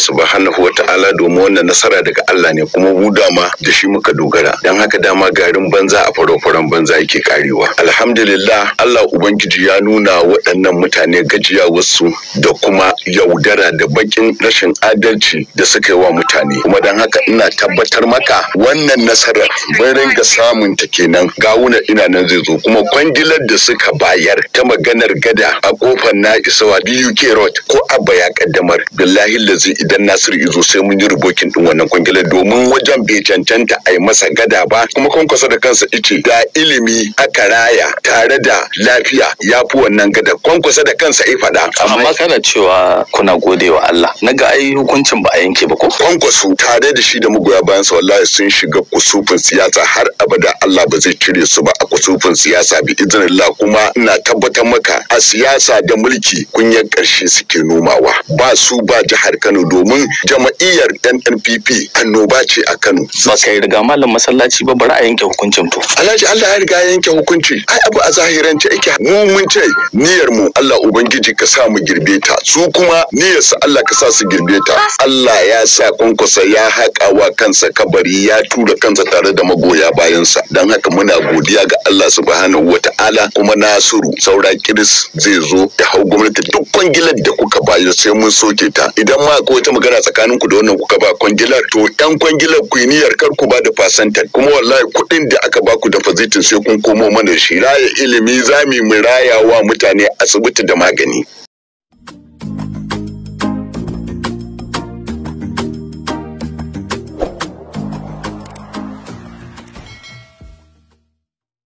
subhanahu wata'ala domin wannan nasara daga Allah ne kuma mu dama da shi muka dogara dan haka dama garin banza a faro banza yake karewa alhamdulillah Allah ubangiji ya nuna waɗannan mutane gajiya wasu da kuma yaudara da bakin rashin adalci da suka yi wa mutane kuma dan haka ina tabbatar maka wannan nasara. bai ringa samun ta kenan gawuna ina nan zai zo kuma kwangilar da suka bayar ta maganar gada a kofar na isawa BUK road ko abba ya kaddamar billahi lazi dan Nasiru Izo sai mun yi rubokin din wannan kwangilar domin wajen bai cancanta a yi masa gada ba kuma kwankwasa da kansa ice da ilimi aka raya tare da lafiya ya fi wannan gada kwankwasa da kansa ya faɗa. Amma kana cewa kuna gode wa Allah na ga ai hukuncin ba a yanke ba ko? Kwankwasu tare da shi da magoya bayan sa wallahi sun shiga kusufin siyasa har abada Allah ba zai cire su ba a kusufin siyasa bi iznillah kuma ina tabbatar maka a siyasa da mulki kunyar ƙarshe suke nomawa ba su ba jihar Kano domin jama'iyyar NNPP annoba ce a Kano. Ba kai riga malam masallaci ba bari a yanke hukuncin to. Alhaji Allah ya riga yanke hukunci. Ai abu a zahirance yake mu mun ce niyyar mu Allah ubangiji ka sa mu girbe ta. Su kuma niyyar su Allah ka sa su girbe ta. Allah ya sa kunkusa ya haƙa wa kansa kabari ya tura kansa tare da magoya bayansa. Dan haka muna godiya ga Allah subhanahu wata'ala kuma Nasiru saura kiris zai zo ya hau gwamnati duk kwangilar da kuka bayar sai mun soke ta. Idan ma ko wata magana tsakanin ku da wannan kuka ba kwangilar to yan kwangilar ku niyar kar ku ba da fasantar kuma wallahi kuɗin da aka baku ku da fazitin sai kun komo mana shi raya ilimi zami mu rayawa mutane asibiti da magani